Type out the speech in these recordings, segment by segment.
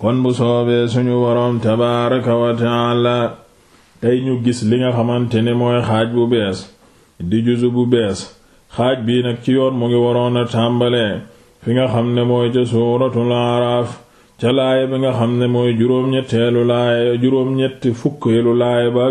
kon bu soobee suñu boroom tabaaraka wa taala tey ñu gis li nga xamante ne mooy xaaj bu bees di juzu bu bees xaaj bii nag ci yoon mu ngi waroon a tàmbalee fi nga xam ne mooy ca suuratul laaraaf ca laaya bi nga xam ne mooy juróom-ñetteelu laaya juróom-ñett fukkeelu laaya ba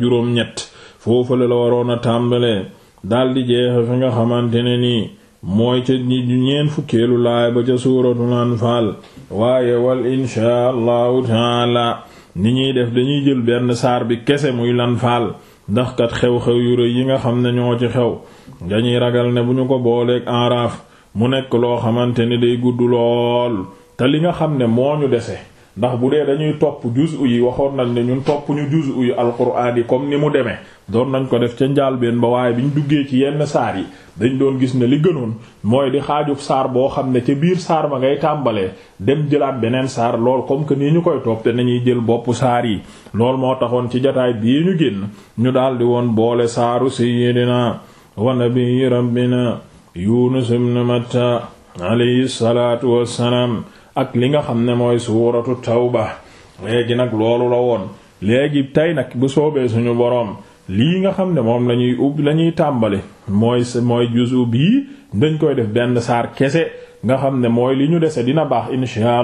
juróom ñett foofu la waroon a tàmbalee daldi jeexe fi nga xamante ne nii mooy ca ñeent fukkeelu laay ba ca suuratul anfaal waaye wal inshaa allahu taala ni ñuy def dañuy jël benn saar bi kese muy lanfaal ndax kat xew-xew yu rëy yi nga xam ne ñoo ci xew dañuy ragal ne bu ñu ko booleeg enraaf mu nekk loo xamante ne day gudd lool te li nga xam ne moo ñu dese ndax bu dee dañuy topp juzu yi waxoon nañ ne ñun topp ñu juzu yu alquran yi comme ni mu demee doon nañ ko def ca njaalbeen ba waaye bi ñu duggee ci yenn saar yi dañu doon gis ne li gënoon mooy di xaajub saar boo xam ne ca biir saar ma ngay tàmbalee dem jëlaat beneen saar lool comme que nii ñu koy topp te nañuy jël bopp saar yi lool moo taxoon ci jataay bii ñu génn ñu daldi woon boole saaru si sayyidina wa nabiyyi rabbina yunus ibn matta alayhi salaatu wassalaam ak li nga xam ne mooy suuratu tawba léegi nag loolu la woon léegi tey nag bu soobee suñu boroom lii nga xam ne moom la ñuy ub la tàmbali mooy mooy juzu bii dañ koy def benn saar kese nga xam ne mooy li ñu dese dina baax insha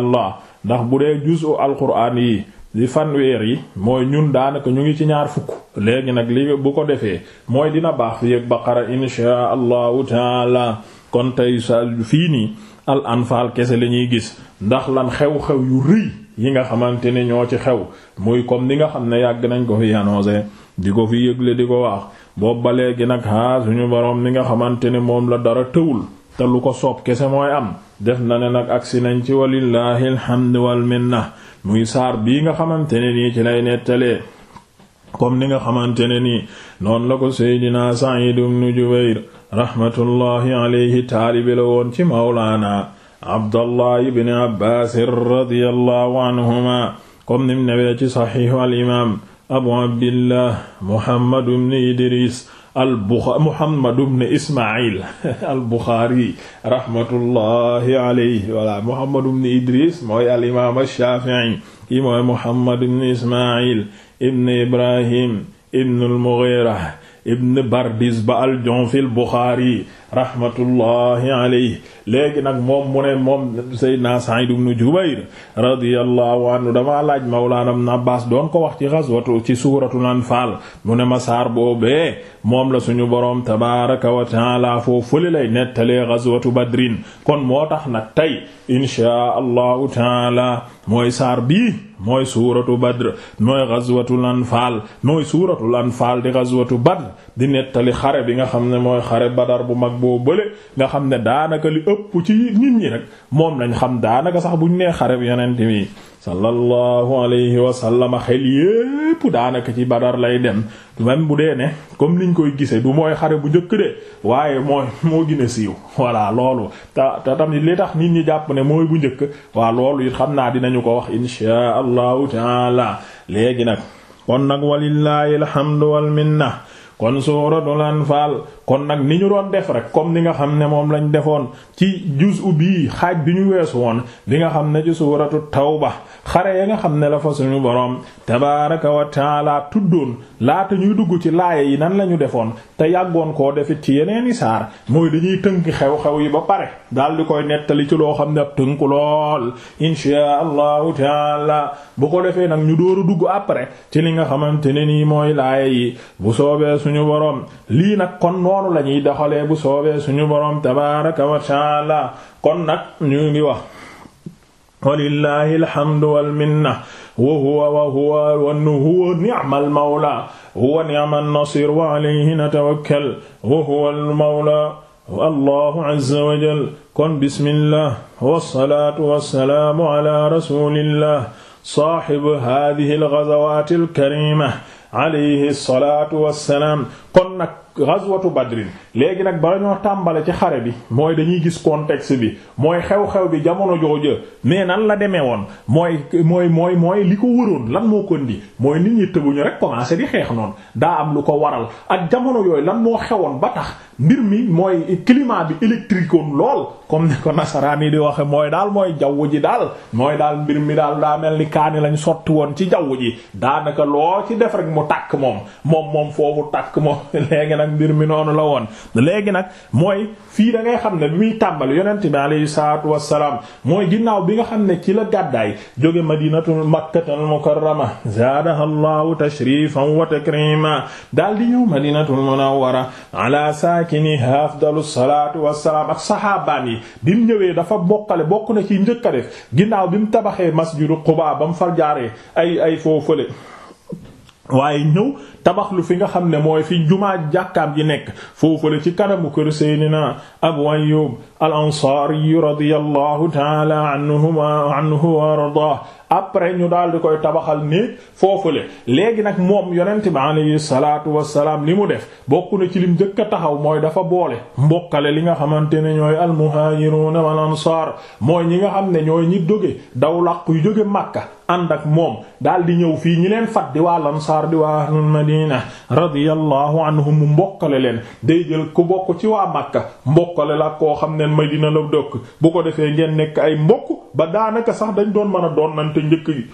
ndax bu dee juzu alquran yi di fanweer yi mooy ñun daanaka ñu ngi ci ñaar fukk léegi nag li bu ko defee mooy dina baax fi yëg baqara insha allahu taala kon tey sa fii nii al anfaal kese la ñuy gis ndax lan xew-xew yu rëy yi nga xamante ne ñoo ci xew muy comme ni nga xam ne yàgg nañ ko fi annoncé di ko fi yëgle di ko wax boobu ba léegi nag haa suñu boroom ni nga xamante ne moom la dara tëwul te lu ko soob kese mooy am def na ne nag agsi nañ ci walillahi alhamdu wal minna muy saar bii nga xamante ne nii ci lay nettalee comme ni nga xamante ne nii noonu la ko Seydina Sa'id ibn Jubayr raxmatullahi alayhi taalibi la woon ci mawlaana abdallah ibn abbaas radiyallahu anhuma comme nim newee ci saxiixu al imaam abu abdillah muhammad ibn idris al buxa muhammad ibn ismail al buxaari raxmatullahi alayhi wala muhammad ibn idris mooy al imaam al shaafi'i kii mooy muhammad ibn ismail ibn ibrahim ibn al mughira ibn bardis ba al-Junfi al-Bukhari rahmatullahi alayhi léegi nag moom mu ne moom Seydina Sa'id ibn Jubayr radiyallahu anhu damaa laaj Mawlana Ibn Abbas doon ko wax ci suuratu ci suuratul Anfaal mu ne ma saar boobee moom la suñu boroom tabaaraka wa ta'aala foofu fële lay nettalee ghazwatu Badrin kon moo tax nag tey inshaa Allahu ta'aala mooy saar bii mooy suuratu Badr mooy ghazwatul Anfaal mooy suuratul Anfaal di ghazwatu Badr di nettali xare bi nga ne mooy xare Badar bu mag boo bële nga xam ne daanaka li ëpp ci nit ñi nag moom lañ xam daanaka sax bu buñ nee xareb yonent bi sallallahu alayhi wa sallam xel yépp daanaka ci badar lay dem même bu dee ne comme niñ koy gisee du mooy xare bu njëkk de waaye mooy moo gën a siiw voilà loolu te te tamit li tax nit ñi jàpp ne mooy bu njëkk waa loolu it xam naa dinañu ko wax inshaa allahu taala léegi nag kon nag walillahi alhamdu wal minna kon suuratul anfaal kon nag ni ñu doon def rek comme ni nga xam ne moom lañu defoon ci juz'u bii xaaj bi ñu weesu woon li nga xam ne ci taw ba xare ya nga xam ne la fa suñu boroom tabaaraka wa taala tuddoon laata ñuy dugg ci laaya yi nan la ñu defoon te yàggoon koo defit ci yeneeni saar mooy dañuy tënk xew-xew yi ba pare daal di koy nettali ci loo xam ne ab tënk lool inshaa allahu taala bu ko defee nag ñu dóoru dugg après ci li nga xamante ne nii mooy laaya bu soobee suñu boroom noonu la ñuy doxalee bu soobee suñu boroom tabaaraka wa ta'ala kon nag ñu ngi wax walillahi alhamdu wal minna wa huwa wa huwa wa huwa ni'mal mawla huwa ni'man nasir wa alayhi natawakkal wa huwa al mawla allahu azza wa jal kon bismillah wassalaatu wassalaamu ala rasulillah saahibu haadihi al ghazawaati al kariima alayhi salaatu wassalaam kon nag ghazwatu badrin léegi nag bala ñoo tàmbale ci xare bi mooy dañuy gis contexte bi mooy xew-xew bi jamono jooja mais nan la deme woon mooy mooy mooy mooy li ko wëroon lan moo ko indi mooy nit ñi tëbuñu rek commencé di xeex noon daa am lu ko waral ak jamono yooyu lan moo xewoon ba tax mbir mi mooy climat bi électrique lool comme ni ko nasaraan yi di waxe mooy daal mooy jaw ji daal mooy daal mbir mi daal daa mel ni kaani lañ sotti woon ci jaw ji daanaka loo léegi nag mbir mi noonu la woon léegi nag mooy fii da xam ne bi muy tàmbali yonent bi alayhi salaatu wassalaam mooy ginnaaw bi nga xam ne ci la gàddaay joge madinatul makkatul mukarrama zaadaha allahu tashrifan wa takrima daal di ñëw madinatul munawwara ala saakiniha afdalus salaatu wassalaam ak sahaabaan yi bi mu ñëwee dafa bokkale bokk na ci njëkka a def ginnaaw bi mu tabaxee masjidu Quba ba mu far jaaree ay ay foofule waaye ñëw tabax lu fi nga xam ne mooy fi jumaa jàkkaam ji nekk foofale ci kanamu kër Seydina Abu Ayyub al-Ansari radiyallahu ta'ala anhuma anhu wa ardaah après ñu daal di koy tabaxal néeg foofule léegi nag moom yonent bi alayhi salaatu salaam li mu def bokk na ci lim njëkk a taxaw mooy dafa boole mbokkale li nga xamante ne ñooy almuhaajiruuna wal ansaar mooy ñi nga xam ne ñooy ñi doge daw laq yu jóge Makka ànd ak moom daal ñëw fii ñi leen fat di waa lansaar di waa Madina radiyallahu anhum mu mbokkale leen day jël ku bokk ci waa Makka mbokkale la koo xam ne dina la dëkk bu ko defee ngeen nekk ay mbokk ba daanaka sax dañ doon mën a doon nante njëkk gi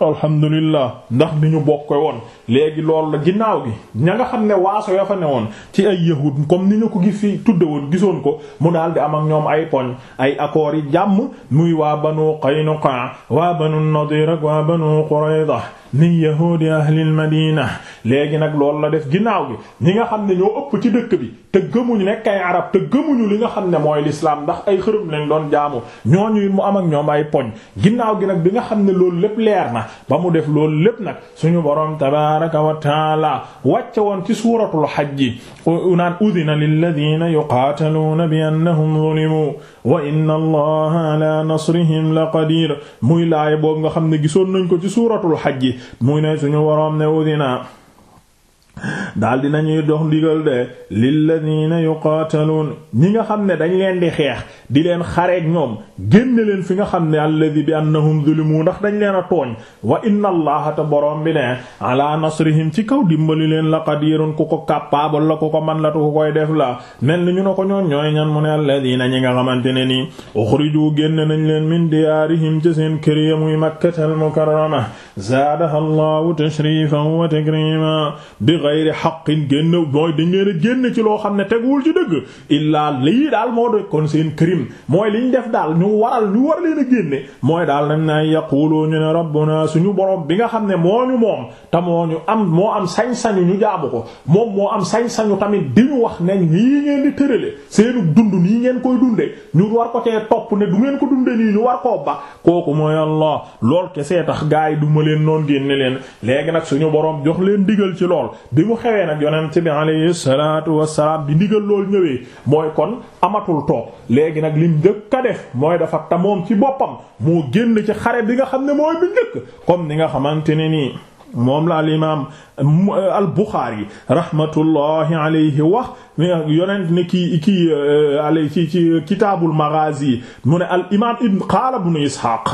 alhamdulillah ndax ni ñu bokk woon léegi loolu la ginnaaw gi ña nga xam ne waaso ya fa ne woon ci ay yahud comme ni ñu ko gis fi tudde woon gisoon ko mu daal di am ak ñoom ay poñ ay accords yi jàmm muy waa banu Qaynuqa waa banu Nadir waa banu Qurayza min yahudi ahlil madina léegi nag loolu la def ginnaaw gi ñi nga xam ne ñoo ëpp ci dëkk bi te gëmuñu nekk ay arab te gëmuñu li nga xam ne mooy lislaam ndax ay xërëm lañ doon jaamu ñooñu it mu am ak ñoom ay poñ ginnaaw gi nag bi nga xam ne loolu lépp leer na ba mu def loolu lépp nag suñu boroom tabaraka wa taala wàcce woon ci suuratul xaj xajji unaan udina lilladina yuqaataluuna bi annahum zulimu wa inna allaha ala nasrihim la qadir muy laay boobu nga xam ne gisoon nañ ko ci suuratul xaj yi muy ne suñu waroom ne udina daal dina ñuy dox ndigal de lilladina yuqaataluun ñi nga xam ne dañ leen di xeex di leen xareek ñoom génne leen fi nga xam ne alladi bi annahum zulimu ndax dañ leen a tooñ wa inna allaha te boroom bi ne ala nasrihim ci kaw dimbali leen la qadirun ku ko capable la ku ko man la tu ku koy def la mel ni ñu ne ko ñoon ñooy ñan mu ne alladina ñi nga xamante ne nii uxriju génne nañ leen min diyaarihim ci seen kër ya muy makkatal mukarrama zaadaha allahu tashrifan wa takrima bi ghayri haqqin génn mooy dañ leen génn ci loo xam ne teguwul ci dëgg illaa lii daal moo de kon seen crime mooy liñ def daal ñu waral ñu war leen a génne mooy daal nañ naa yaqulu ñu ne rabbuna suñu borom bi nga xam ne moo ñu moom te moo am moo am sañ-sañu ñu jaamu ko moom moo am sañ-sañu tamit di ñu wax ne nii ngeen di tërale seenu dund nii ngeen koy dunde ñu war ko cee topp ne du ngeen ko dunde nii ñu war koo ba kooku mooy duma leen noon génne leen léegi nag suñu boroom jox leen digal ci lool bi mu xewee nag yonent bi alayhi salaatu wassalaam di ndigal lool ñëwee mooy kon amatul toog léegi nag lim njëkk a def mooy dafa tamoom ci boppam moo génn ci xare bi nga xam ne mooy bi njëkk comme ni nga xamante ne nii moom la al imaam euh, al Buxaari rahmatullahi alayhi wax yonent ne kii kii euh, alay ci ci kitaabul Maghaazi mu ne al imaam ibn qaala ibn Isxaaq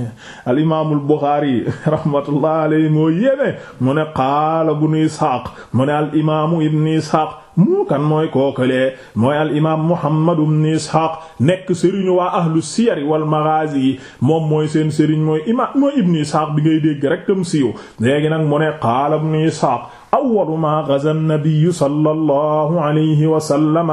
al imaamul Buxaari rahmatullahi alayhi moo yéeme mu ne qaala ibn Isxaaq mu ne al imaamu ibn Isxaaq moo hmm, kan mooy kookalee mooy al imaam Muhammad ibn Ishaq nekk sëriñu waa ahlu siyar wal maghaazi yi moom mooy seen sëriñ mooy imaam mooy ibn Ishaq bi ngay dégg rek tam siiw léegi nag mu ne qaala ibn Ishaq awwalu maa ghaza an-nabiyyu sallallahu alayhi wa sallam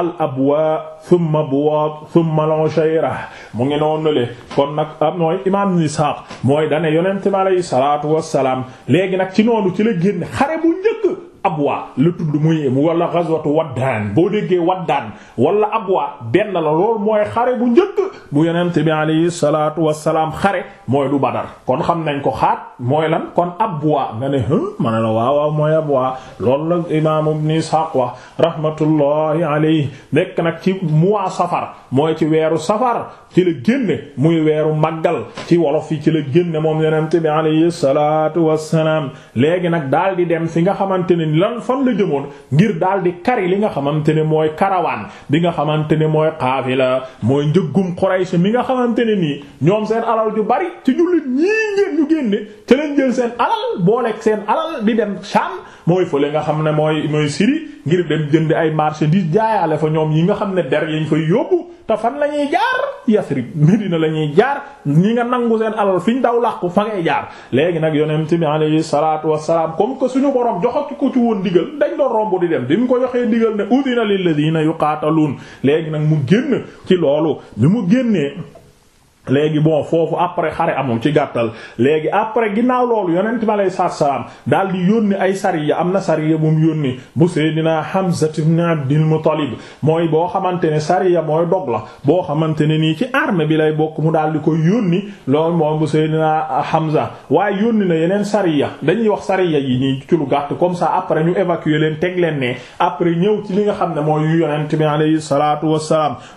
al-abwaa thumma Buwaat thumma al-Ushayra mu ngi noonu le kon nag ah, mooy imaam ibn Ishaq mooy dane yonent mi alayhi salaatu wa salaam léegi nag ci noonu ci la génn xare bu njëkk abwa la tudd muy wala ghazwatu waddaan boo déggee waddaan wala abwa benn la loolu mooy xare bu njëkk bu yonent bi alayhi salaatu wassalaam xare mooy du badar kon xam nañ ko xaat mooy lan kon abwa nga ne ma ne la waaw waaw mooy abwa loolu la imaam ibn Ishaq wax rahmatullahi alayhi nekk nag ci mois safar mooy ci weeru safar ci la génne muy weeru màggal ci wolof yi ci la génne moom yonent bi alayhi salaatu wassalaam léegi nag daal di dem fi ne lan fan la jëmoon ngir daal di kari li nga xamante ne mooy karawaan bi nga xamante ne mooy xaafila mooy njëggum Quraysh mi nga xamante ne nii ñoom seen alal ju bari ci jullit ñii ngeen ñu génne ca leen jël seen alal booleeg seen alal di dem Sham mooy fële nga xam ne mooy mooy siri ngir dem jënd ay marchandises jaayaale fa ñoom yi nga xam ne der yañ fay yóbbu te fan la ñuy jaar Yasrib Medina la ñuy jaar ñi nga nangu seen alal fi ñu daw làqu fa ngay jaar léegi nag yonent bi alayhi salaatu wassalaam comme que suñu borom joxatu ko ci woon digal dañ doon romb di dem bi mu ko joxee digal ne udina lilladina yuqaataluun léegi nag mu génn ci loolu bi mu génnee léegi bon foofu après xare amul ci gàttal léegi après ginnaaw loolu yonent bi alayhi salaatu salaam daal di yónni ay sariya am na sariya bu mu yónni bu Seydina Hamza ibn Abdil Muttalib mooy boo xamante ne sariya mooy dog la boo xamante ne nii ci armée bi lay bokk mu daal di koy yónni loolu moom bu Seydina Hamza waaye yónni na yeneen sariya dañuy wax sariya yi nii ci lu gàtt comme ça après ñu évacuer leen teg leen ne après ñëw li nga xam ne mooy yu yonent bi alayhi salaatu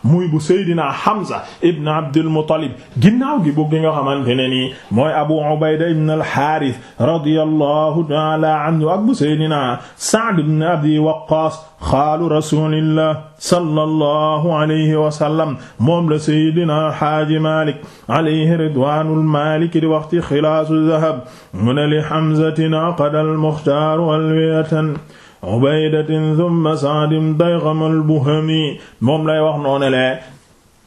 muy bu Seydina Hamza ibn Abdil Muttalib ginnaaw gi bu gi nga xamante ne nii mooy Abu Ubayda ibn al-Harith radiyallahu ta'ala anhu ak bu Seydina Sa'd ibn Abi Waqqas xaalu rasulillah sallallahu alayhi wa sallam moom la saydina xaaji malik alayhi ridwanul maliki di wax ci xilaasu dahab mu ne li hamzatin aqada almuxtaaru alwiyatan ubaydatin thumma sa'din daygham albuhami moom lay wax noonele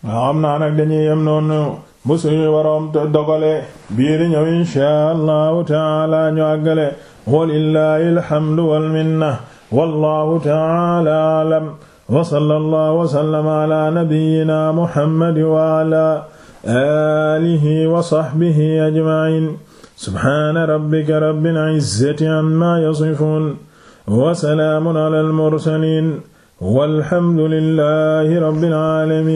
waaw am naa nag dañuy yem noonu bu suñu waroom dogale bii di ñëw inshaa allahu taala ñu àggale walillahi alhamdu wal minna wallahu taala alam wa sallallahu wa sallama ala nabiyyina muhammad wa ala alihi wa sahbihi ajma'in subhana rabbika rabbil izzati amma yasifun wa salaamun ala al mursalin walhamdulillahi rabbil alamin